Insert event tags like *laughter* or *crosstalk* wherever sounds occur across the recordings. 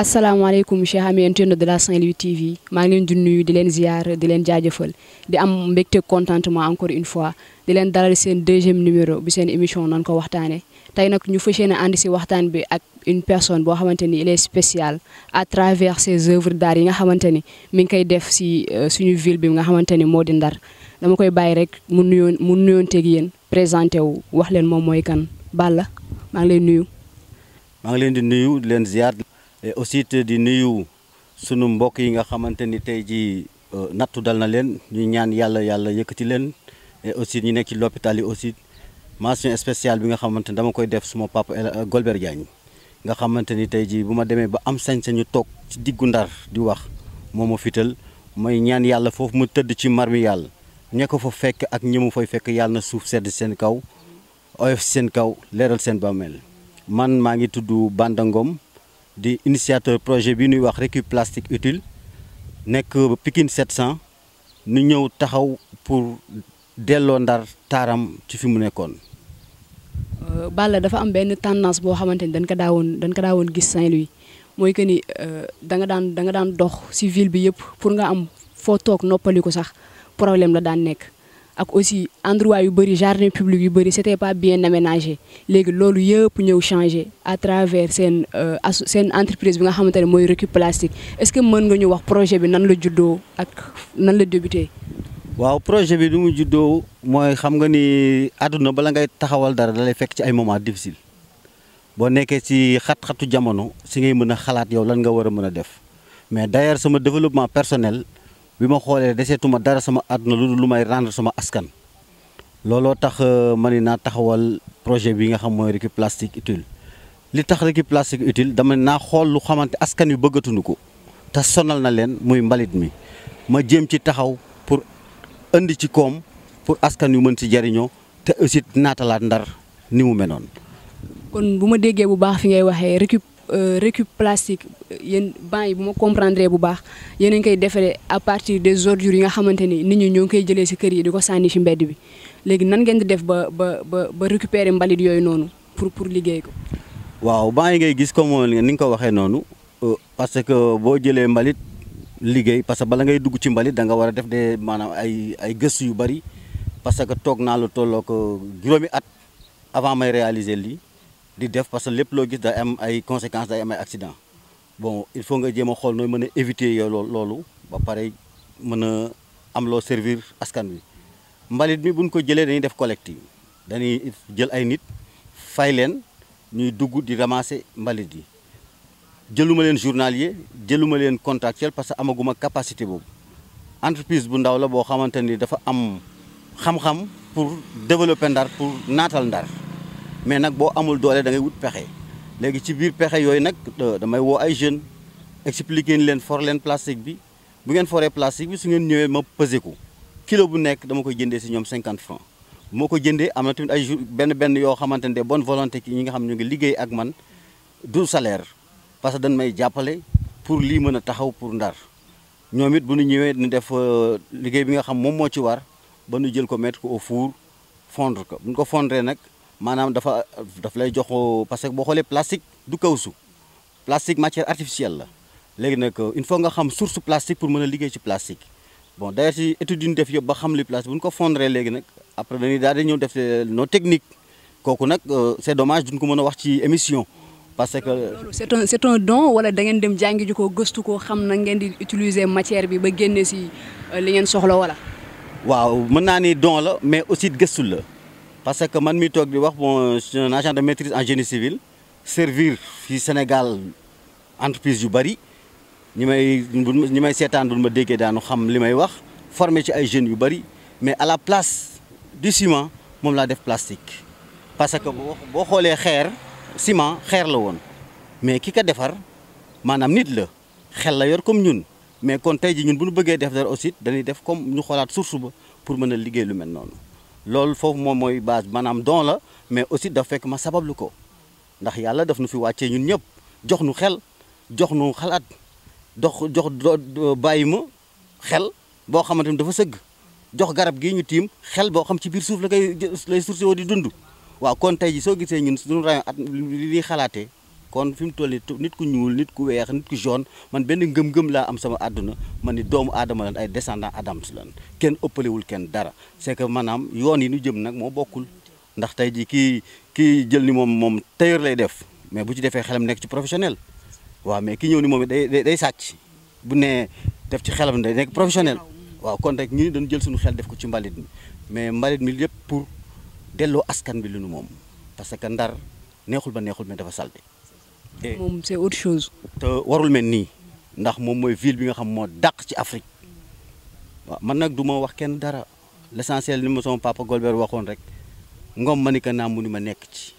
asalaamaaleykum chers amis internautes de la Saint-Louis TV maa ngi leen di nuyu di leen ziar di leen jaajëfal di am mbégte contentement encore une fois di leen dalal seen deuxième numéro bi seen émission nan ko waxtaanee tey nag ñu fas yéene ànd si waxtaan bi ak une personne boo xamante ni il spécial à travers ses œuvres d'art yi nga xamante ni mi ngi koy def si euh, suñu ville bi nga xamante ni moo di Ndar dama koy bàyyi rek mu nuyoon mu nuyoonteeg yéen présenté wu wax leen moom mooy kan Balla maa ngi leen nuyu. maa ngi leen di nuyu di leen ziar. et aussi di nuyu sunu mbokk yi nga xamante ni tey jii euh, nattu dal na leen ñu ñaan yàlla yàlla yëkkati leen et aussi ñu nekk ci l'hôpital yi aussi mention spéciale bi nga xamante ni dama koy def suma papa euh, Golbert Diagne nga xamante ni tey jii bu ma demee ba am sañ-sañu toog ci diggu ndar di wax moo ma fital may ñaan yàlla foofu mu tëdd ci marmi yàlla ña ko fa fekk ak ñi mu fay fekk yàlla na suuf sedd seen kaw oyof seen kaw leeral seen bàmmeel man maa ngi tudd Banda di initiateur projet bi ñuy wax récup plastique utile nek Pikine 700 ñu ñëw taxaw pour delloo Ndar taram ci fi mu euh Balla dafa am ben tendance bo xamanteni dañ ko daawoon dañ ko daawoon gis Saint-Louis moy que ni euh da nga daan da nga daan dox ci ville bi yépp pour nga am fo tok noppali sax problème la daan nekk ak aussi endroit yu bëri jardin public yu bëri c'était pas bien aménagé léegi loolu yëpp ñëw changer à travers seen euh, seen entreprise bi nga xamante ne Récup Plastique est-ce que mën nga ñu wax projet bi nan la juddoo ak nan la débuté. waaw projet bi du mu juddoo mooy xam nga ni àdduna bala ngay taxawal dara da lay fekk ci ay moments difficiles boo nekkee ci xat-xatu jamono si ngay mën a xalaat yow lan nga war a mën a def mais d'ailleurs sama développement personnel. bima xolé desi deseetuma dara sama aduna luddul lumay rendre sama askan Lolo tax eh, ma ni taxawal projet bi nga xam moy récup plastique utile li tax récup plastique utile dama na xol lu xamanté askan yu bëggatuñu ko te sonal na len muy mbalit mi ma jëm ci taxaw pour indi ci kom pour askan yu mën ci jariño te aussi naatalaat ndar ni mu menoon kon buma déggé bu baax fi ngay waxé récup Euh, récup plastique euh, yéen banc bu ma comprendre bu baax yéen a koy defaree à partir des ordures yi nga xamante ni nit ñi ñoo ngi koy jëlee si kër yi di ko sànni si mbedd bi léegi nan ngeen di def ba ba ba ba récupérer mbalit yooyu noonu pour pour liggéey ko. waaw banc yi ngay gis comme ni nga ko waxee noonu euh, parce que boo jëlee mbalit liggéey parce que bala ngay dugg ci mbalit da nga war a def de maanaam ay ay gëstu yu bari parce que toog naa lu tolloo ko juróomi at avant may lii. di def parce que lépp loo gis da am ay conséquences day am ay accident bon il faut nga jéem a xool nooy mën a éviter yow loolu ba pare mën a am loo servir askan wi mbalit mi buñ ko jëlee dañuy def collecte dañuy jël ay nit fay leen ñuy dugg di ramasser mbalit yi jëluma leen journalier jëluma leen contractuel parce que amaguma capacité boobu entreprise bu ndaw la boo xamante ni dafa am xam-xam pour développer Ndar pour naatal Ndar mais nag boo amul doole dangay wut pexe léegi ci biir pexe yooyu nag damay woo ay jeunes expliquer leen for leen plastique bi bu ngeen foree plastique bi su ngeen ñëwee ma pesé ko kilo bu nekk dama koy jëndee si ñoom cinquante francs bu ma ko jëndee am na tamit ay jour benn benn yoo xamante ne des bonne volonté ki ñi nga xam ñu ngi liggéey ak man du salaire parce que dañ may jàppale pour lii mën a taxaw pour ndar ñoom it bu ñu ñëwee ñu def euh, liggéey bi nga xam moom moo ci war ba ñu jël ko mettre ko au four ko bu ko fondree nag manam dafa daf lay jox parce que bo xolé plastique du kawsu plastique matière artificielle la léegi nak une fois nga xam source plastique pour mën a liggéey ci plastique bon d'ailleurs ci étude yi def yëpp ba xam li plastique buñ ko fondre léegi nak après dañuy daal di ñëw def euh, nos techniques kooku nak euh, c'est dommage duñ ko mën wax ci émission parce que c'est un c'est un don wala da ngeen dem jangi ju ko geustu ko xam na ngeen di utiliser matière bi ba génne ci euh, li ngeen soxlo wala waaw mën ni don la mais aussi gëstu la parce que euh, je suis un agent de maîtrise en génie civil servir au Sénégal entreprise du bari Je may ni may pour me ma mais jeunes bari mais à la place du ciment je suis plastique. parce que si boo xoolee ciment je la mais ce defar nit la xel la comme ñun mais kon ji ñun aussi pour mener liguer loolu foofu moom mooy base maanaam don la mais aussi daf fekk ma sabablu ko ndax yàlla daf nu fi wàccee ñun ñëpp jox nu xel jox nu xalaat dox jox bàyyi ma xel boo xamante ni dafa sëgg jox garab gii ñu tiim xel boo xam ci biir suuf la koy lay suuf si di dund waaw kon tey ji soo gisee ñun suñu rayon at li xalaatee kon fi mu toll nii nit ku ñuul nit ku weex nit ku jaune man benn ngëm-ngëm laa am sama àdduna man ni doomu aadama lan ay descendant Adams lan kenn ëppalewul kenn dara c'est que maanaam yoon yi nu jëm nag moo bokkul ndax tey jii kii kii jël ni moom moom tailleur lay def mais bu ci defee xelam nekk ci professionnel waaw mais ki ñëw ni moom it day day sàcc bu nee def ci xelam day nekk professionnel waaw kon rek ñu dañu jël suñu xel def ko ci mbalit mi mais mbalit mi yëpp pour delloo askan bi lu moom parce que ndar neexul ba neexul mais dafa salte Eh. moom c'est autre chose. te warul mel nii ndax moom mooy ville bi nga xam moo dàq ci Afrique waaw man nag du ma wax kenn dara l'essentiel ni ma sama papa Golbert waxoon rek ngom ma ni que naa mu ni ma nekk ci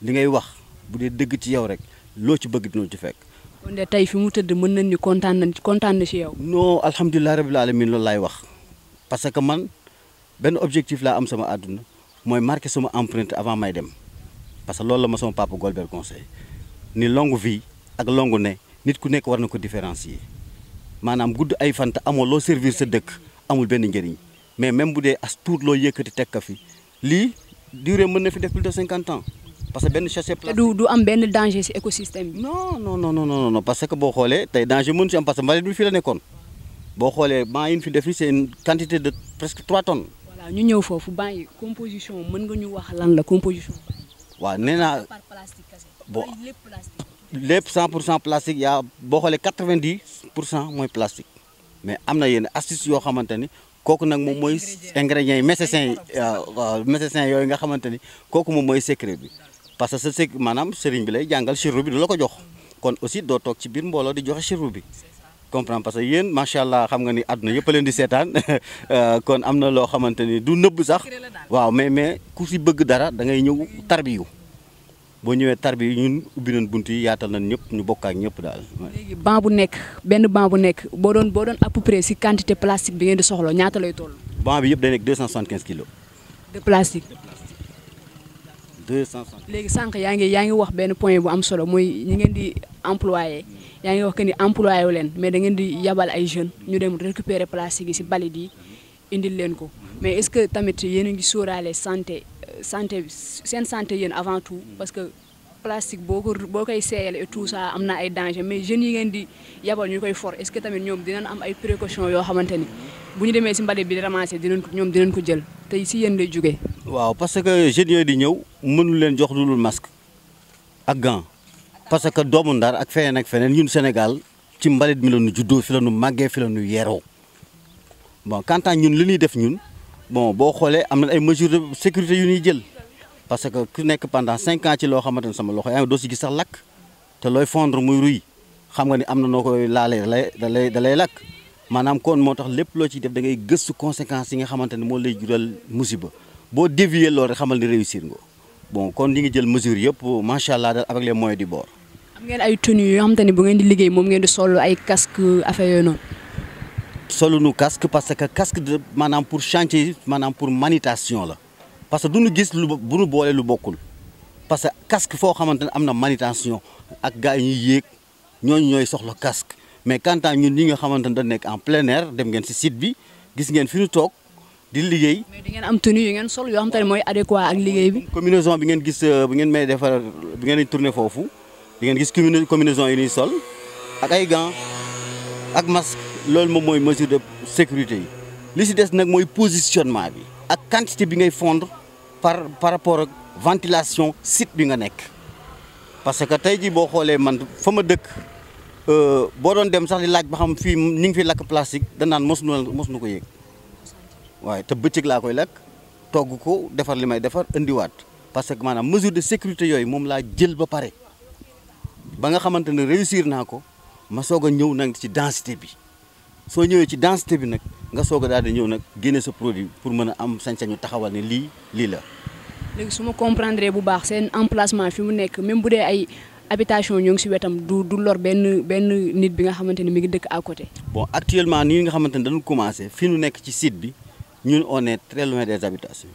li ngay wax bu dee dëgg ci yow rek loo ci bëgg dina ci fekk. kon de tey fi mu tëdd mën nañ ni kontaan nañ kontaan na ci yow. non alhamdulilah rabil alamin loolu laay wax parce que man benn objectif laa am sama àdduna mooy marqué sama empreinte avant may dem parce que loolu la ma sama ni longue vie ak longue ne nit ku nek war ko différencier manam goudou ay fanta amoo lo servir sa deuk amul ben njëriñ mais même boudé as tuut lo yëkkati tek ka fi li durée mën na fi def plus de 50 ans parce que ben sachet plastique. du du am ben danger ci écosystème Non non non non non non parce que bo xoolee tay danger mën ci am parce que mbalit bi fi la nekkoon bo xoolee ban yi fi def ci une quantité de presque trois tonnes. voilà ñu ñëw fofu ban composition mën nga ñu wax lan la composition. Wa néna par plastique bon 100 pour cent plastique ya boo xoolee 90 pour cent mooy plastique mais am na yenn astuce yo xamante ni kooku nag moom mooy ingrédients yi médecins yi waaw médecins yooyu nga xamante ni kooku moom secret bi parce que sa sec maanaam bi lay bi ko kon aussi doo toog ci biir mbooloo di joxe sirru bi comprendre parce que yéen macha allah xam nga ni àdduna yëpp a di *laughs* euh, kon amna lo loo xamante ni du nëbb sax waaw mais mais ku si bëgg dara da ngay boo ñëwee tar tarbi ñun ubbi nañ bunt yi yaatal nañ ñëpp ñu bokk ak ñëpp daal. léegi bu nekk benn banc bu nekk boo doon boo doon à peu près si quantité plastique bi ngeen di soxla ñaata lay toll. banc bi yëpp day nekk 275 kilos. de plastique. deux léegi sànq yaa ngi yaa ngi wax benn point bu am solo mooy ñi ngeen di employé yaa ngi wax que ni employé wu leen mais da ngeen di yabal ay jeunes ñu dem récupérer plastique yi si balit yi indil leen ko mais est-ce que tamit yéen a ngi sóoraale santé santé bi seen santé yéen avant tout parce que plastique boo ko boo koy seeyal et tout ça am na ay danger mais jeunes yi ngeen di yabal ñu koy for est-ce que tamit ñoom dinañ am ay précaution yoo xamante ni bu ñu demee si mbalit bi di ramasser dinañ ko ñoom dinañ ko jël tey si yéen lay jógee. waaw parce que jeunes yooyu di ñëw mënu leen jox lu dul masque ak gant parce que doomu ndar ak feneen ak feneen ñun Sénégal ci mbalit mi la ñu juddoo fi la ñu màggee fi la ñu yeroo bon quant à ñun li ñuy def ñun. bon boo xoolee am na ay mesures sécurité yu ñuy jël parce que ku nekk pendant cinq ans ci loo xamante ne sama loxo yaa ngi doo si gis sax lakk te looy fondre muy ruy xam nga ni am na noo koy laalee lay da lay da lay lakk maanaam kon moo tax lépp loo ciy def da ngay gëstu conséquences yi nga xamante ne moo lay jural musiba boo dévier loolu rek xamal ni réussir nga bon kon li ngi jël mesures yëpp macha allah daal avec les moyens du bord. am ngeen ay tenues yoo xamante ne ngeen di liggéey moom ngeen noonu. soluñu casque parce que casque de manam pour chantier manam pour manutention là parce que du ñu gis lu bu nu bolé lu bokul parce que casque fo xamantene amna manutention ak gaay ñi ñuy yéeg ñoy ñooy soxla casque mais quand à ñun ñi nga xamantene da nek en plein air dem ngeen ci site bi gis ngeen fi ñu tok di liggéey. mais di ngeen am tenue yu ngeen sol yoo xamantene moy adéquat ak liggéey bi. combinaison bi ngeen gis euh, bu ngeen may défar bi ngeen tourner fofu di ngeen gis combinaison yi ñuy sol ak ay gants ak masque loolu moom mooy mesure de sécurité yi li si des nag mooy positionnement bi ak quantité bi ngay fondre par par rapport ak ventilation site bi nga nekk parce que tey jii boo xoolee man fa ma dëkk euh, boo doon dem sax li laaj ba xam fii ñu ngi fi lakk plastique da mos na mos ko yëg waaye te bëccëg laa koy lakk togg ko defar li may defar indiwaat parce que maanaam mesure de sécurité yooyu moom laa jël ba pare ba nga xamante ne réussir naa ko ma soog a ñëw nag ci densité bi so ñëwee ci densité bi nak nga soga daal di ñëw nak génne sa produit pour mëna am sañ-sañu taxawal ne li li la. légui suma comprendre bu baax sen emplacement fi mu nekk même bu dé ay habitation ñu ngi si wetam du du lor ben ben nit bi nga xamanteni ni mi ngi dëkk à côté. bon actuellement ni nga xamanteni dañu commencé fi ñu nekk ci site bi ñun on est très loin des habitations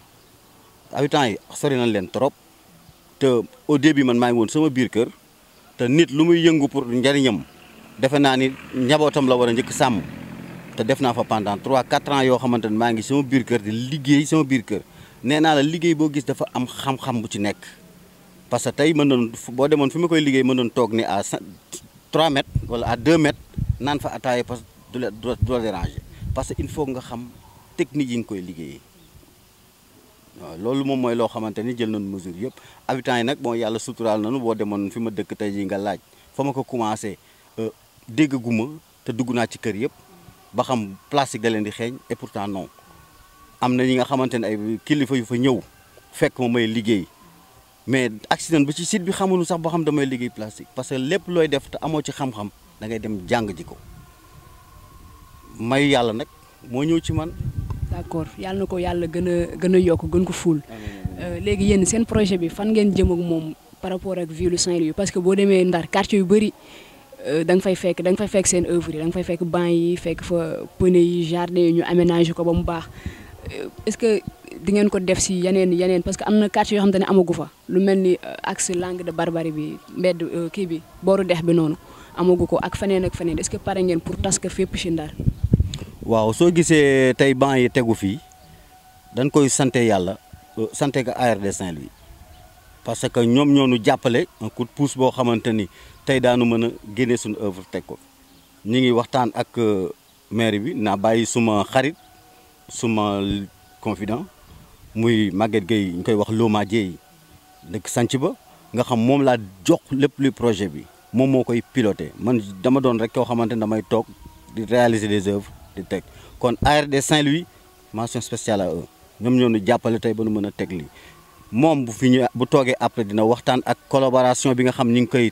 habitants yi sori nañ leen trop te au début man maa won woon sama biir kër te nit lu muy yëngu pour njariñam defé na ni njabootam la wara ñëk sam te def naa fa pendant 3 4 ans yoo xamante ne maa ngi sama biir kër di liggéey sama biir kër nee naa la liggéey boo gis dafa am xam-xam bu ci nekk parce que tey mën doon boo demoon fi ma koy liggéey mën doon ni à 3 mètres wala à 2 mètres naan fa ataaya parce que du la du la il faut nga xam technique yi nga koy liggéeyee waaw loolu moom mooy loo xamante ni jël nañ mesure yëpp habitants yi nag bon yàlla suturaal nañu boo demoon fi ma dëkk tey yi nga laaj fa ma ko commencé euh, déggaguma te dugg naa ci kër yëpp. ba xam plastique da leen di xeeñ et pourtant non am na ñi nga xamante ne ay kilifa yu fa ñëw fekk ma may liggéey mais accident ba ci site bi xamunu sax boo xam damay liggéey plastique parce que lépp looy def te amoo ci xam-xam da dem jàng ji ko may yàlla nag moo ñëw ci man. d'accord yàlla na ko yàlla gën a gën a yokk gën ko fuul. Euh, léegi yéen seen projet bi fan ngeen jëm ak moom par rapport ak ville Saint-Louis parce que boo demee Ndar quartier yu bëri. Euh, da fay fekk da fay fekk seen œuvre yi jardin yi ñu ko euh, est-ce que di ngeen ko def si yeneen parce que am na quartier yoo xam ne amagu fa lu euh, Langue de Barbarie bi mbedd kii bi booru dex bi noonu amagu ko ak est-ce que pare ngeen pour tas ko fépp si waaw soo gisee tey banc yi tegu fii dañ koy sante yàlla sante ARD Saint-Louis parce que nous ñoo un coup tay daanu mën a génne suñu œuvre teg ko ñu ngi waxtaan ak euh, maire bi na bayyi suma xarit suma confident muy Maguette gay ñu koy wax Loma Dieye N'ek sanc ba nga xam mom la jox lepp lu projet bi mom moo koy man dama don rek ko xamantene damay tok di réaliser des œuvres di teg kon ARD Saint-Louis mention spéciale à eux ñom ñoo ñu jàppale tay ba nu mën li mom bu fi bu togué après dina waxtaan ak collaboration bi nga xam koy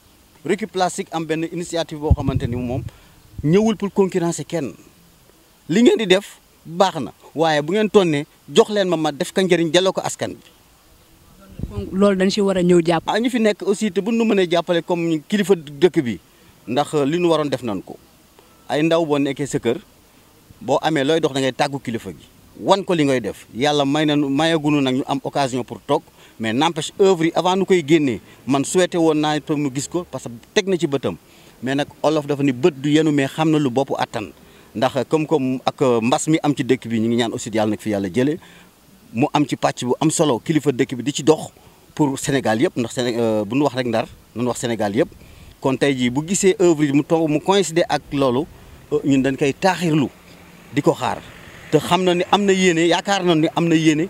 Reccu Plastique am benn initiative boo xamante ni moom ñëwul pour concurrencer kenn li ngeen di def baax na waaye bu ngeen tonnee jox leen ma mat def ka njëriñ delloo ko askan bi. loolu dañu si war a ñëw jàpp. ah ñu fi nekk aussi te bu nu mënee jàppale comme kilifa dëkk bi ndax li nu waroon def nan ko ay ndaw boo nekkee sa kër boo amee looy dox da tàggu kilifa gi wan ko li ngay def yàlla may na nañu mayagunu nag ñu am occasion pour toog. mais n'empêche œuvre yi avant nu koy génnee man souhaité woon naa itam mu gis ko parce que teg na ci bëtam mais nag olof dafa ni bët du yenu mais xam na lu bopp attan ndax comme comme ak euh, mbas mi am ci dëkk bi ñu ngi ñaan aussi yàlla nag fi yàlla jëlee mu am ci pàcc bu am solo kilifa dëkk bi di ci dox pour Sénégal yëpp ndax Séné euh, bu ñu wax rek ndar nañu wax Sénégal yëpp kon tey jii bu gisee œuvre yi mu tomb mu coïncider ak loolu euh, ñun dañ koy taaxirlu di ko xaar te xam na ni am na yéene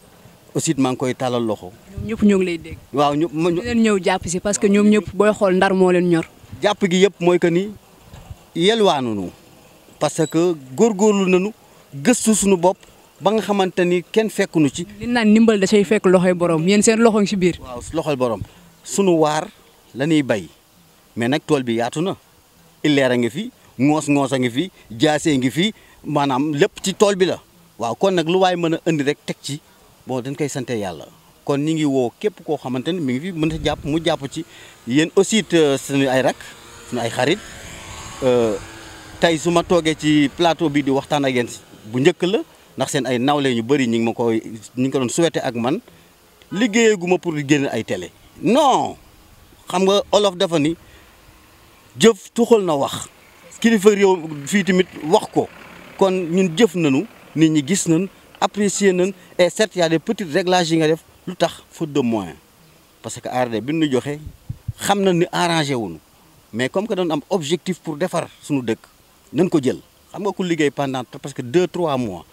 aussi maa ngi koy tàllal loxo. ñëpp ñoo ngi lay dégg. waaw ñëpp ñu leen ñëw jàpp si parce que ñoom ñëpp booy xool ndar moo leen ñor. jàpp gi yëpp mooy que ni yelwaanunu parce que góorlu nañu gëstu suñu bopp ba nga xamante ni kenn fekkunu ci. li naan ndimbal da say fekk loxoy borom yéen seen loxo ngi si biir. waaw loxol borom sunu waar la ñuy bay mais nag tool bi yaatu na illeer a ngi fi ŋoos ŋoos a ngi fi jaasee ngi fi maanaam lépp ci tool bi la waaw kon nag lu waay mën a indi rek teg ci. bon dañ koy sante yàlla kon ñi ngi woo képp koo xamante ni mi ngi fi mën sa jàpp mu jàpp ci yéen aussi suñu ay rak suñu ay xarit euh, tey su ma toogee ci plateau bi di waxtaan ak yéen bu njëkk la ndax seen ay nawle ñu bari ñi ngi ma koy ñi ngi ko doon souhaité ak man liggéeyaguma pour génn ay tele non xam nga olof dafa ni jëf tuxal na wax kilifa réew fii tamit wax ko kon ñun jëf nañu nit ñi gis nañu apprécier nañ et certes y a des petits réglages yi nga def lu faute de moyens. parce que ARD bi ñu joxe xam nañ ni arrangé mais comme que dañ am objectif pour defar suñu dëkk nañ ko jël xam nga ku liggéey pendant presque deux trois mois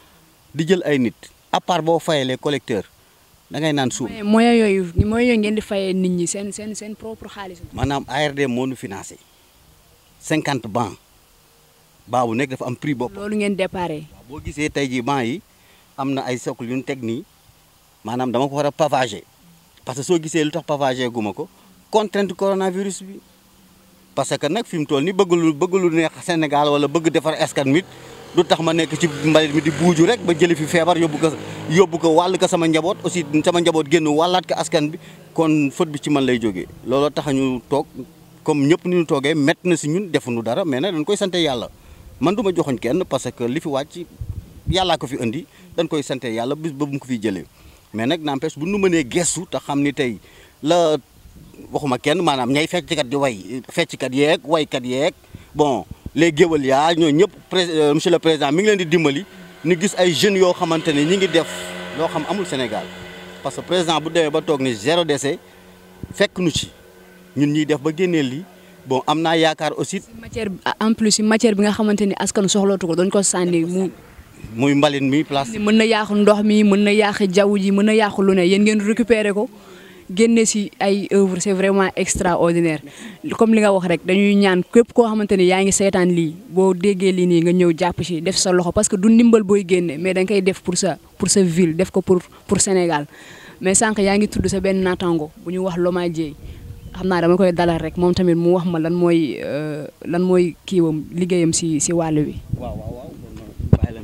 di jël ay nit à part boo fayee les collecteurs da ngay naan suuf. moyen yooyu moyen yooyu ngeen di fayee nit ñi seen seen seen propre xaalis. maanaam ARD moo ñu financé 50 bancs baa bu nekk dafa am prix bopp. loolu ngeen déparé. boo gisee tey jii bancs yi. am na ay socle yu ñu teg nii maanaam dama ko war a pavager parce que soo gisee lu tax pavager guma ko contrainte coronavirus bi parce que nag fi mu toll ni bëgg lu bëgg lu neex Sénégal wala bëgg defar askan mit lu tax ma nekk ci mbalit mi di buuju rek ba jëli fi feebar yóbbu ko yóbbu ko wàll ko sama njaboot aussi sama njaboot génn wàllaat ko askan bi kon fët bi ci man lay jógee looloo tax ñu toog comme ñëpp ni ñu toogee mett na si ñun defuñu dara mais nag dañ koy sante yàlla man ma joxoñ kenn parce que li fi wàcc yàllaa ko fi indi dañ koy sante yàlla bis ba mu ko fi jëlee mais nag n'empêche bu nu mënee gestu te xam ni tey la waxuma kenn maanaam ñay fecckat di way fecckat yeeg waykat yeeg bon les géwël yaa ñoo ñëpp euh, monsieur le président mi ngi leen di dimbali ñu gis ay jeunes yoo xamante ne ñi ngi def loo xam amul Sénégal parce que président bu demee ba toog ni zéro décès fekk nu ci ñun ñuy def ba génnee lii bon am naa yaakaar aussi. matière en plus matière bi nga xamante ni askan soxlootu ko dañ ko sànni mu. muy mbalit mi plastique. mën na yàq ndox mi mën na yàq jaw ji mën na yàq lu ne yéen ngeen récupérer ko génne si ay œuvre c'est vraiment extraordinaire comme li nga wax rek dañuy ñaan képp koo xamante ni yaa ngi seetaan lii boo déggee lii nii nga ñëw jàpp si def sa loxo parce que du ndimbal booy génne mais danga koy def pour sa pour sa ville def ko pour pour Sénégal mais sànq yaa ngi tudd sa benn naataango bu ñu wax Loma Dieye xam naa dama koy dalal rek moom tamit mu wax ma lan mooy euh, lan mooy kiiwam liggéeyam si si wàll wi.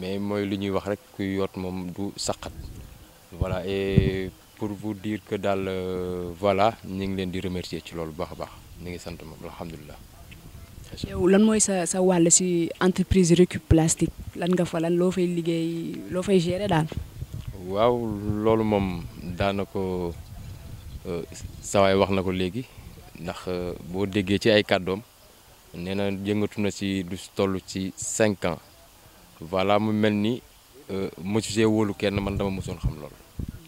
mais mooy lu ñuy wax rek ku yoot moom du saqat voilà et pour vous diir que daal euh, voilà ñu ngi leen di remercier ci loolu baax a baax ñu ngi sant moom alhamdulilah. yow lan mooy sa sa wàll si entreprise récup plastique lan nga fa lan loo fay liggéey loo fay gérer daal. waaw loolu moom daanako ko euh, sawaay wax na ko léegi ndax euh, boo déggee ci ay kàddoom nee na yëngatu na ci du toll ci cinq ans. voilà mu melni mel ni euh, mosusee wolu kenn man dama mosoon xam lool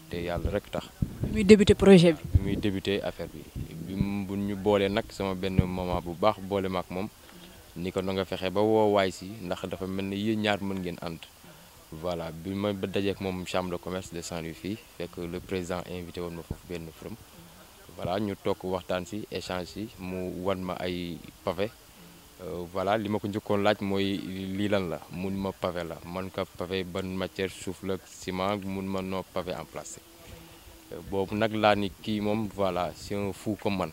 té yalla rek tax. muy débuté projet bi. muy débuté affaire bi bu ñu bolé nak sama benn moment bu baax bolé mak mom ni ko nga fexé ba wo way si ndax dafa melni ni ñaar mën ngeen ànd. voilà bi ma ba dajé ak mom chambre de commerce de Saint-Louis fi fék le président invité woon ma foofu benn forum voilà ñu tok waxtaan si échange si mu wan ma ay pavé. Euh, voilà li ma ko laaj mooy li lan la mun ma pavé la man ko pavé ban matière suuf ciment mun ma noo pavé en plastique euh, ni voilà c'est un fou comme man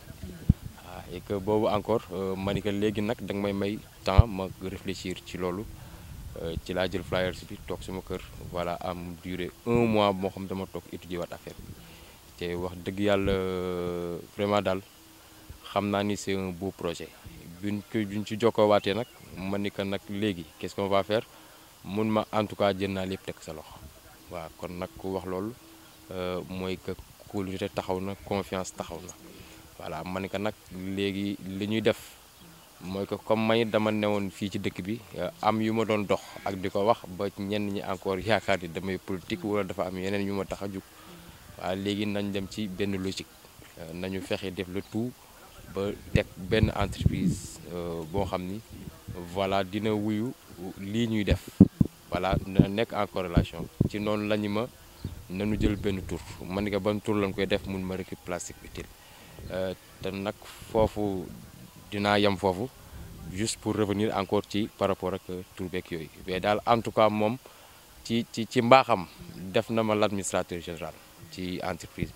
ah, et que encore euh, ma ni que léegi temps ma réfléchir ci loolu ci jël flyers bi sama voilà am duré un mois xam dama affaire te wax dëgg yàlla vraiment daal xam ni c'est un beau projet biñ ñu ci jokkoowaatee nag ma ni que nag léegi qu'est-ce va faire mun ma en tout cas jën naa lépp teg sa loxo waaw kon nag ku wax loolu euh, mooy que kóolute taxaw na confiance taxaw na voilà ma ni que nag léegi li ñuy def mooy que comme man it dama newoon fii ci dëkk bi euh, am yu ma doon dox ak di ko wax ba ñenn ñi encore yaakaar ni damay politique wala dafa am yeneen yu ma tax a jug waaw léegi nañ dem ci benn logique euh, nañu fexe def le tout. ba une entreprise euh, voilà dina wuyu ñuy def voilà en corrélation ci nañu jël tour man nga ban lañ koy def ma récup plastique euh, juste pour revenir encore ci par rapport ak tout mais en tout cas ci ci def na ma l'administrateur général ci entreprise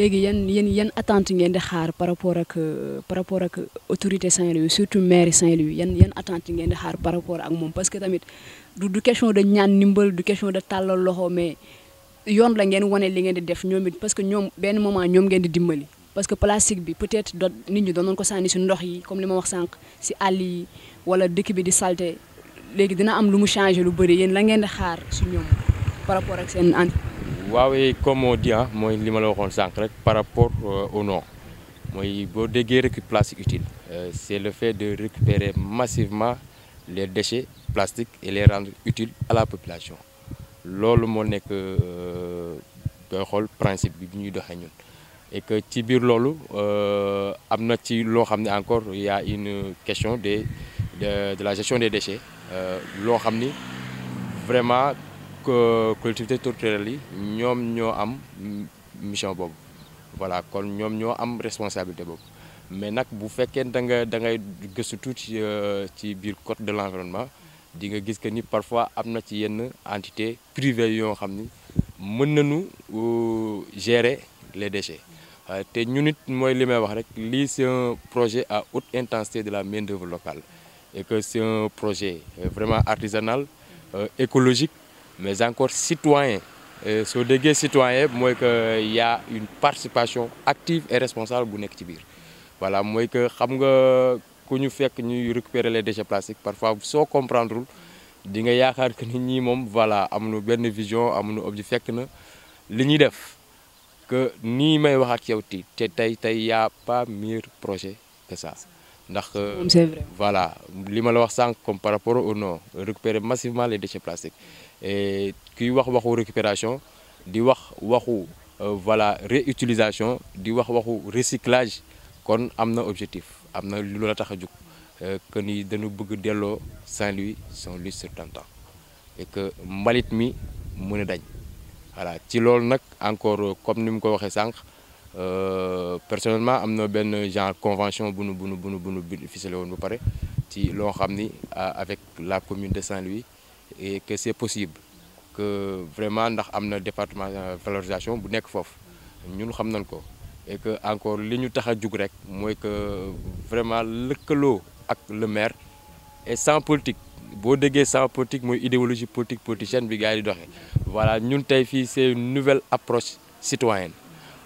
léegi yan yan yan attente ngeen di xaar par rapport ak euh, par rapport ak autorité Saint-Louis surtout maire Saint-Louis yan yan attente ngeen di xaar par rapport ak moom parce que tamit du du question de ñaan ndimbal du question de tàllal loxo mais yoon la ngeen wane li ngeen di def ñoom it parce que ñoom benn moment ñoom ngeen di dimbali. parce que plastique bi peut-être do nit ñi doonoon ko sànni si ndox yi comme li ma wax sànq si àll yi wala dëkk bi di salte léegi dina am lu mu changé lu bëri yéen la ngeen di xaar su ñoom par rapport ak seen Huawei comme on dit ah mooy ma la waxoon par rapport euh, au nom mooy boo dégager que plastique utile euh, c'est le fait de récupérer massivement les déchets plastiques et les rendre utiles à la population C'est mon nek booy le principe bi ñuy doxee ñun et que ci biir loolu euh, am na ci encore il y a une question de de la gestion des déchets loo xam ni vraiment collectivité territoriale ñom ñoo am mission bob voilà kon ñom ñoo am responsabilité bob mais nak bu fekkee da nga da ngay gëstu tout euh, ci biir code de l'environnement di nga gis que ni parfois amna ci yenn entité privée yo xamni ni mën nañu euh, gérer les déchets euh, te ñun it moy limay wax rek li c'est un projet à haute intensité de la main-d'œuvre locale et que c'est un projet vraiment artisanal écologique mais encore citoyen. Ce euh, dégât citoyen moi que euh, y a une participation active et responsable bu nekk voilà moi que nous faisons récupérer les déchets plastiques parfois sans comprendre, di nga yaakaar que nit ñi moom voilà amuñu benn vision objectif Nous avons li que ni may wax ak yow ti a pas meilleur projet que ça euh, vrai. voilà ce que la wax comme par rapport au non récupérer massivement les déchets plastiques kuy wax waxu récupération di wax waxu euh, voilà réutilisation di wax waxu recyclage kon amna objectif amna na lu la tax euh, que ni dañu bëgg dello Saint-Louis Saint-Louis d'antan et que mbalit mi mëna dañ voilà ci lool nak encore euh, comme ni ko waxé sank euh, personnellement amna ben genre convention bu nu bu nu bu nu bu won bu paré ci lo xamni avec la commune de Saint-Louis et que c'est possible que vraiment ndax avons un département valorisation bu nek fof ñun nous nañ ko et que encore liñu ñu rek que vraiment clou ak le maire et sans politique si sans politique moy idéologie politique politicienne bi di voilà ñun tay c'est une nouvelle approche citoyenne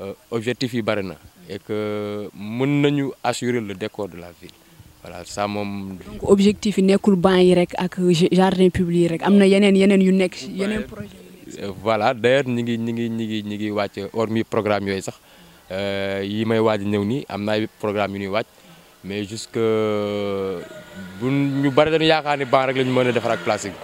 Euh, objectif yi bari na et que mën nañu assurer le décor de la ville voilà ça mom donc objectif yi nekkul banc yi rek ak jardin public rek amna yenen yenen yu nek yenen projet euh, voilà d'ailleurs ñi ngi ñi ngi ñi ngi ñi ngi wacc hormis programme yoy sax euh yi may waaj ñëw nii am programme yu ñuy wacc mais jusque bu ñu bari dañu yaakaani ni banc rek lañu mëna mën a defar ak plastique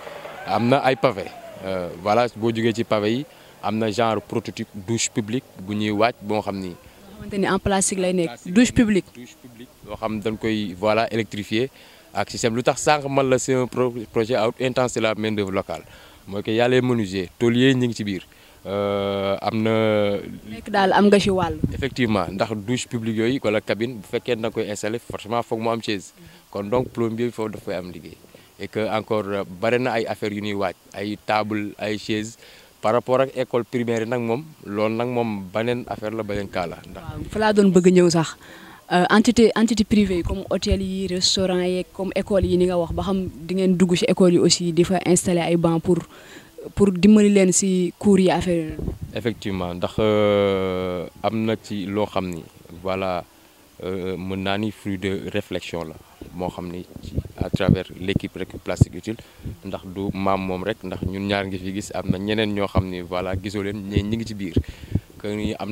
am ay pavé euh, voilà bo jógee ci pavé yi am na genre prototype douche publique bu ñuy wàcc boo xam ni. xamante en plastique lay nekk douche publique. douche publique xam dañ koy voilà électrifié ak système lutax sank sànq man la c'est un projet à haute intensité la main d'œuvre locale moy que yalé menuisier tolier ñi ngi ci biir. euh amna nek dal am nga ci wal effectivement ndax douche publique yooyu wala cabine bu fekké da koy installé forcément faut mo am chaise. kon donc plombier faut foofu daf am liguey et que encore euh, barena ay affaire yu ñuy waaj ay table ay chaise. par rapport ak école primaire yi nag moom loolu nag moom beneen affaire la beneen kaa la ndax. waaw laa doon bëgg ñëw sax euh, entité entité privée yi comme hôtel yi restaurant yi comme école yi ni nga wax ba xam di ngeen dugg si école yi aussi di fa installer ay banc pour pour dimbali leen si cour yi affaire yi. effectivement ndax euh, am na ci loo xam ni voilà euh, mën naa ni fruit de réflexion la. à travers l'équipe équipe plastique utile ndax du mam mom rek ndax ñun ñaar ngi fi gis amna ñeneen ño xamni ni voilà gisoo leen ñi ñi ngi ci biir que ni am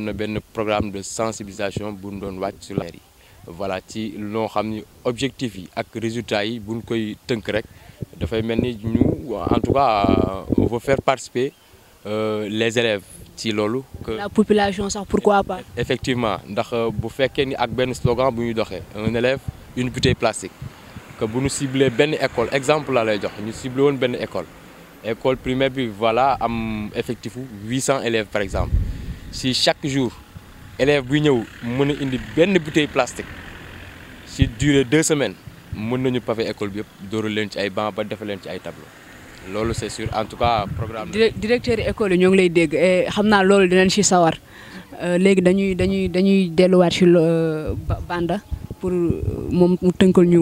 programme de sensibilisation bu ñu doon sur la yi voilà ci lo xamni ni objectif yi ak résultats yi buñ koy teunk rek da fay melni ñu en tout cas on veut faire participer euh, les élèves ci lolu que la population sax pourquoi pas. effectivement ndax euh, bu fekkee ni ak ben slogan bu ñuy un élève une bouteille plastique que bu nous ciblez ben école exemple la lay jox une école école primaire puis voilà am effectif 800 élèves par exemple si chaque jour élève bu ñëw une a indi bouteille plastique si dure deux semaines ne nañu faire école bi yëpp dóoral leen ci ay banc ba leen ci ay tableau loolu c'est sûr en tout cas programme directeur école yi on ngi lay dégg eh, xam naa loolu dinañ ci sawar euh, léegi dañuy dañuy dañuy delluwaat ci euh, Banda pour euh, moom mu tënkal ñu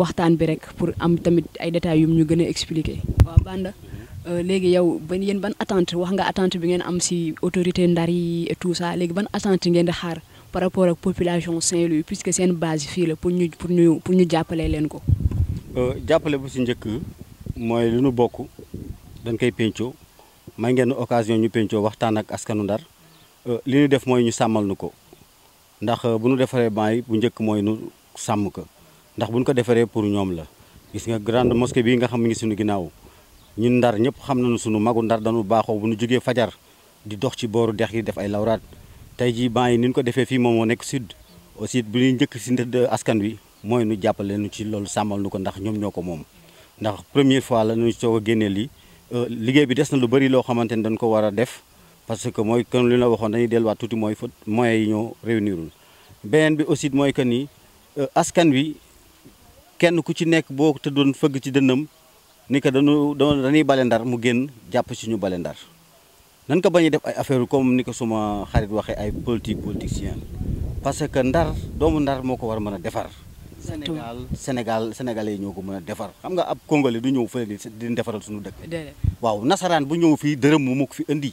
waxtaan bi rek pour am tamit ay détails yum ñu gën a expliquer. waaw Banda euh, léegi yow ban yéen ban attente wax nga attente bi ngeen am si autorité Ndar yi et tout ça léegi ban attente ngeen di xaar par rapport ak population Saint-Louis puisque seen base fii la pour ñu pour ñu pour ñu jàppale leen ko. Euh, jàppale bu si njëkk mooy lu nu bokk dañ koy pencoo may ngeen occasion ñu pencoo waxtaan ak askanu Ndar li ñu def mooy ñu sàmmal nu ko. ndax euh, bu ñu defaree banc yi bu njëkk mooy nu sàmm ko ndax bu ñu ko defaree pour ñoom la gis nga grande mosquée bii nga xam mi ngi suñu ginnaaw ñun ndar ñëpp xam nañu suñu magu ndar dañu baaxoo bu ñu jógee fajar di dox ci booru dex yi def ay lawraat tey jii banc yi ni ñu ko defee fii moom moo nekk sud aussi bu ñuy njëkk si ndëdd askan wi mooy nu jàppale nu ci loolu sàmmal nu ko ndax ñoom ñoo ko moom ndax première fois la ñu soog a génnee lii euh, liggéey bi des na lu bëri loo xamante ni dañ ko war a def parce que mooy kon li la waxoon dañuy delluwaat tuuti mooy fa moyens ñoo réunirul beneen bi aussi mooy que nii euh, askan wi kenn ku ci nekk boo te doon fëgg ci dënnam ni que dañu dañuy bale ndar mu génn jàpp si ñu bale ndar nan ko bañ def ay affaire comme ni ko suma xarit waxee ay politique politicien parce que ndar doomu ndar moo ko war a mën a defar Sénégal Sénégal sénégalais ñoo ko mën a defar xam nga ab congolais du ñëw fële di defaral suñu dëkk waaw nasaraan bu ñëw fii dërëm mu mu ko fi indi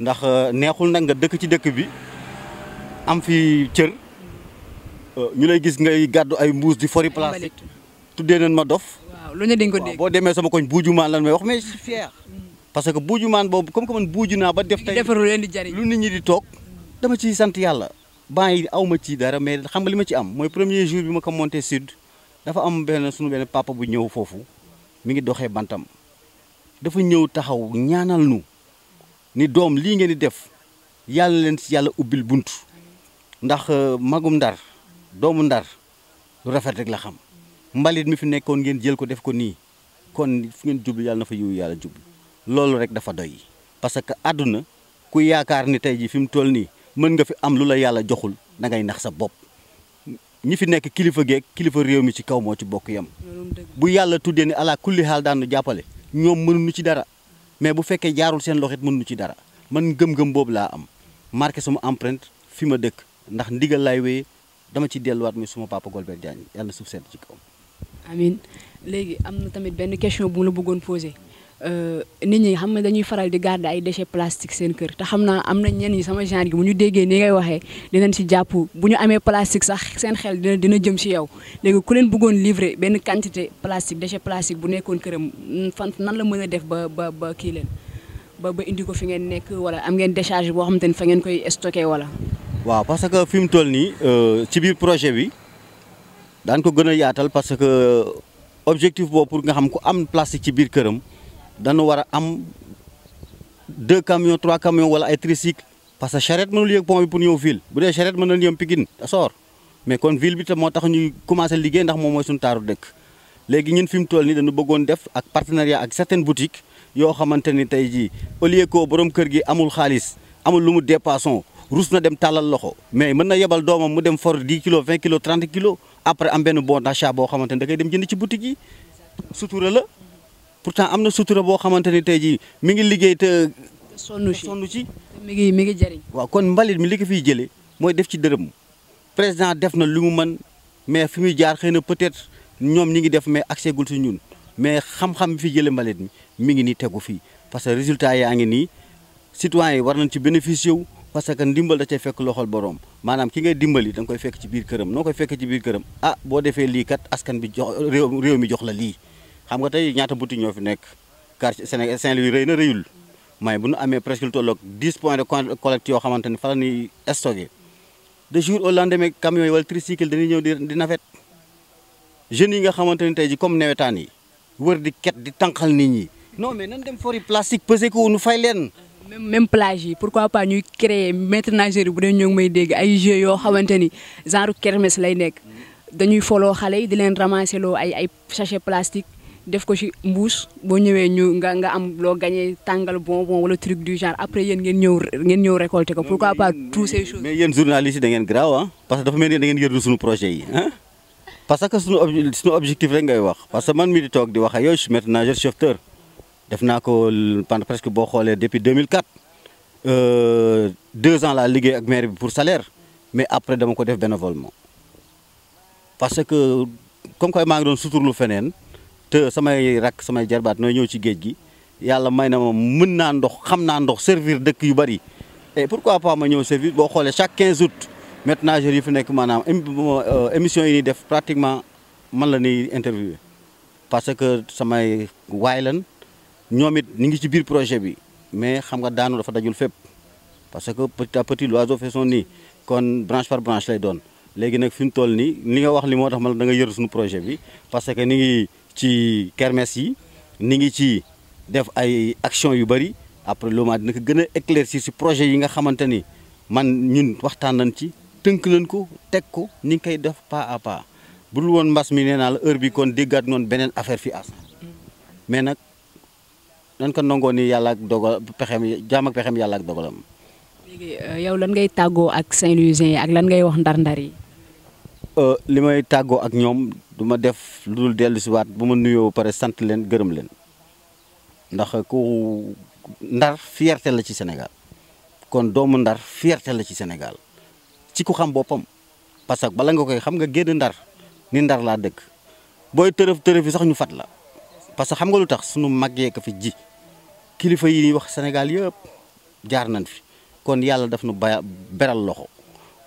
ndax euh, neexul nag nga dëkk ci dëkk bi am fi cër euh, ñu lay gis ngay gàddu ay mbuus di fori plastique tuddee nañ ma dof lu ñu dañ ko dégg boo demee sama koñ buujumaan lan may wax mais je suis fier mm. parce que buujumaan boobu comme que man buuju naa ba def tey defaru leen di jariñ lu nit ñi di toog dama ciy sant yàlla ban yi aw ma ci dara mais xam nga li ma ci am mooy premier jour bi ma ko monté sud dafa am benn suñu benn papa bu ñëw foofu mi ngi doxee bantam dafa ñëw taxaw ñaanal nu ni doom lii ngeen di def yàlla leen si yàlla ubbil bunt ndax euh, magum ndar doomu ndar lu rafet rek la xam mbalit mi fi nekkoon ngeen jël ko def ko nii kon fu ngeen jublu yàlla na fa yiwu yàlla jublu loolu rek dafa doy parce que àdduna ku yaakaar ni tey jii fi mu toll nii mën nga fi am lu la yàlla joxul da ngay nax sa bopp ñi fi nekk kilifa geeg kilifa réew mi ci kaw moo ci bokk yam bu yàlla tuddee ni ala xaal daan jàppale ñoom mënuñu ci mais bu fekkee jaarul seen loxo it mënuñu ci dara man gëm-gëm boobu laa am marqué suma empreinte fi ma dëkk ndax ndigal laay wéyee dama ci delluwaat muy suma papa Golbert Diagne yàlla na suuf ci kaw amiin léegi am na tamit benn question bu ma la bëggoon posé Euh, nit ñi xam nga dañuy faral di garder ay déchets plastiques seen kër te xam naa am na ñenn ñi sama genre gi bu ñu déggee ni ngay waxee di dinañ si jàpp bu ñu amee plastique sax seen xel dina jëm si yow léegi ku leen bëggoon livrer benn quantité plastique déchet plastique bu nekkoon këram mm, fan nan la mën a def ba ba ba kii leen ba ba indi ko fi ngeen nekk wala am ngeen décharge boo xamante ni fa ngeen koy stocké wala. waaw parce que fi mu toll nii euh, ci biir projet bi daan ko gën a yaatal parce que objectif boobu nga xam ku am plastique ci biir këram. dañu war a am deux camions trois camions wala ay tricycle parce que charrette mënul yëg pont bi pour ñëw ville bu dee charrette mën nañu yëm Pikine Soor mais kon ville bi te moo tax ñuy commencé liggéey ndax moom mooy suñu taaru dëkk léegi ñun fi mu toll nii dañu bëggoon def ak partenariat ak certaines boutiques yoo xamante ni tey jii au lieu que borom kër gi amul xaalis amul lu mu dépassons rus na dem tàllal loxo mais mën na yebal doomam mu dem for 10 kilos 20 kilo 30 kilos après am benn bon boo xamante ni da dem jënd ci boutique yi sutura la. pourtant am na sutura boo xamante ni tey jii mi ngi liggéey te. sonn ci sonn ci. mi mi ngi jëriñ. waaw kon mbalit mi li ko fiy jëlee mooy def ci dërëm président def na lu mu man mais fi muy jaar xëy na peut-être ñoom ñi ngi def mais accès gul si ñun mais xam-xam bi fi jëlee mbalit mi mi ngi nii tegu fii parce que résultat yaa ngi nii citoyens yi war nañ ci bénéficier wu. parce que ndimbal da cay fekk loxol borom maanaam ki ngay dimbali da nga koy fekk ci biir këram noo koy fekk ci biir këram ah boo defee lii askan bi jox réew mi jox la lii xam nga tey ñaata boutique ñoo fi nekk quartier Sénégal rëy na rëyul mais bu ñu amee presque lu tolloog 10 points de collecte yoo xamante ni fa la ñuy stocké de jour au lendemain camions yi wala tricycle dañuy ñëw di di navette jeunes yi nga xamante ni tey ji comme nawetaan yi wër di ket di tànqal nit ñi. non mais nan dem fori plastique pesé ko nu fay leen. même même plage yi pourquoi pas ñuy créer maître nageur yi bu dee ñoo may dégg ay jeux yoo xamante ni genre kermesse lay nekk dañuy foloo xale yi di leen ramasser loo ay ay sachet def ko ci mbuus boo ñëwee ñu nga nga am loo gagné tàngal bonbon wala truc du genre après yéen ngeen ñëw ngeen ñëw récolter ko pourquoi pas tous ces choses. mais yéen journalistes da ngeen graaw ah hein? parce que dafa mel ni da ngeen yërdu suñu projet yi hein? parce que suñu suñu objectif rek ngay wax parce que man mi di toog di wax ak yooyu je suis maître def naa ko pendant presque boo xoolee depuis 2004 euh, deux ans laa liggéey ak maire bi pour salaire mais après dama ko def bénévolement parce que comme koy maa ngi doon suturlu feneen. te samay rakk samay jarbaat nooy ñëw ci géej gi yàlla may na ma mën naa ndox xam naa ndox servir dëkk yu bari et pourquoi pas ma ñëw servir boo xoolee chaque 15 août maître yi fi nekk maanaam euh, émission yi ñuy def pratiquement man la ñuy interviewé parce que samay waay lan ñoom it ñu ngi ci biir projet bi mais xam nga daanu dafa dajul fépp parce que petit à petit l'oiseau fait son nid kon branche par branche lay doon léegi nag fi mu toll nii li nga wax li moo projet bi ci kermesse yi ni ngi ci def ay action yu bëri après loolu maa dina ko gën a éclaircir si projet yi nga xamante ni man ñun waxtaan nañ ci tënk nañ ko teg ko ni ngi koy def pas à pas bu dul woon mbas mi nee naa la heure bi kon déggaat noonu beneen affaire fi as mais nag nan ko nangoo ni yàlla ak dogal pexem jaam ak pexem yàlla ak dogalam. léegi euh, yow lan ngay tàggoo ak Saint-Louisiens yi ak lan ngay wax ndar-ndar yi. Euh, li may tàggoo ak ñoom. duma def lul dul dellu si waat bu pare sant len geureum len ndax ko ndar fierté la ci Sénégal kon doomu ndar fierté la ci Sénégal ci ku xam bopam parce que bala nga koy xam nga génn ndar ni ndar la dëkk boy teureuf teureuf yi sax ñu fat la parce que xam nga lutax suñu sunu ka fi ji kilifa yi wax Sénégal yépp jaar nañ fi kon yalla daf nu beral loxo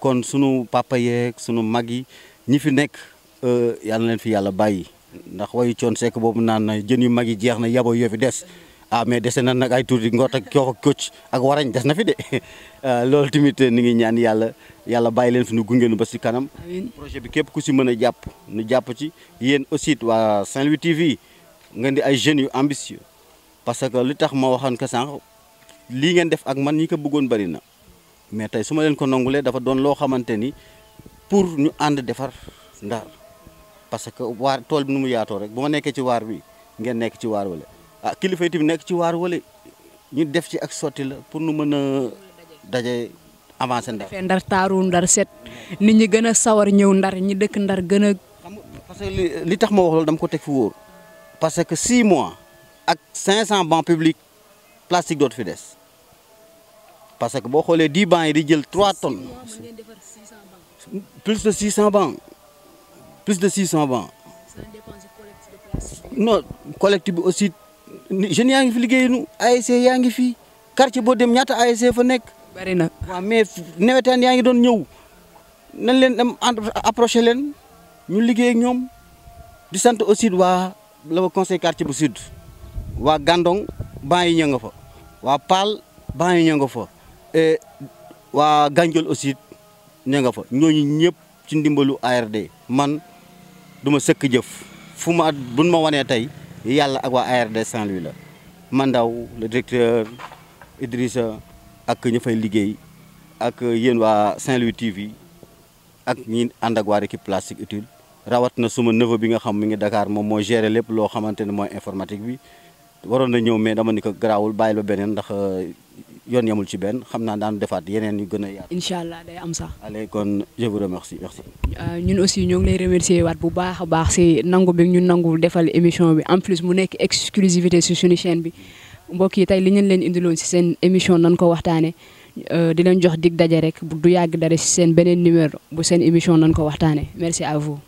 kon sunu papa yek sunu magi ñi fi nekk. Eh, yalla len fi yalla bayyi ndax wayu coon sek bobu nan na jeun yu magi jeex na yabo yofi dess des ah mais dese na nag ay di ngot ak coof ak ak warañ des na fi de *laughs* ah, loolu timit ni eh, ngi ñaan yalla yalla bayyi len fi nu gungeenu ba ci kanam projet bi kep ku ci mën japp nu japp ci yeen aussi wa Saint-Louis TV ngandi ay jeunes yu ambitieux parce que li tax ma waxan ka sànq li ngeen def ak man ñi ko bëggoon bari na mais tay suma ma leen ko nongulé dafa doon lo xamanteni pour ñu and defar Ndar parce que war tol bi numu mu rek buma ma ci war bi ngeen nekk ci war wale ah kilifa yi tamit nekk ci war wale ñu def ci ak soti la pour nu mëna dajé avancer ndar defee ndar taru ndar set nit ñi gëna sawar ñew ndar ñi dëkk ndar gëna parce que li tax ma wax loolu dam ko tek fi wóor parce que 6 mois ak 500 bancs publics plastique d'autre fi dess parce que bo xolé 10 bancs yi di jël 3 tonnes plus de 600 bancs plus de 600 bancs. non collecte bi aussi jeunes yaa ngi fi liggéey liggéeyinu ASC yaa ngi fi quartier boo dem ñaata ASC fa nekk. bari na waaw mais yaa ngi doon ñëw nañ leen dem approché leen ñu liggéey ñoom di sant aussi waa la conseil quartier bu sud waa Gandon ban yi ña fa waa Paal ban yi ña fa waa Gandiol aussi ña nga fa ñooñu ñëpp ci ndimbalu ARD du ma sëkk jëf fu ma buñ ma wanee tey yàlla ak waa ARD Saint-Louis la man ndaw le directeur Idrissa ak ñu fay liggéey ak yéen waa Saint-Louis TV ak ñi ànd ak waa l'équipe plastique utile rawat na suma neveu bi nga xam mi ngi dakaar moom moo géré lépp loo xamante ne mooy informatique bi waroon na ñëw mais dama ni ko garaawul bàyyi ba beneen ndax yoon yamul ci ben xamna daan defaat yeneen yu gëna yaa inshallah day am ça allez kon je vous remercie merci. Euh, ñun aussi ñoo ngi lay remercier waat bu baax baax ci nangu bi ñun nangu defal émission bi en plus mu nekk exclusivité si suñu chaîne bi mbokk yi tay li ñen leen indiloon ci seen émission nan ko waxtaanee euh, di leen jox dig daje rek du yag dara ci seen benen numéro bu seen émission nan ko waxtaanee merci à vous.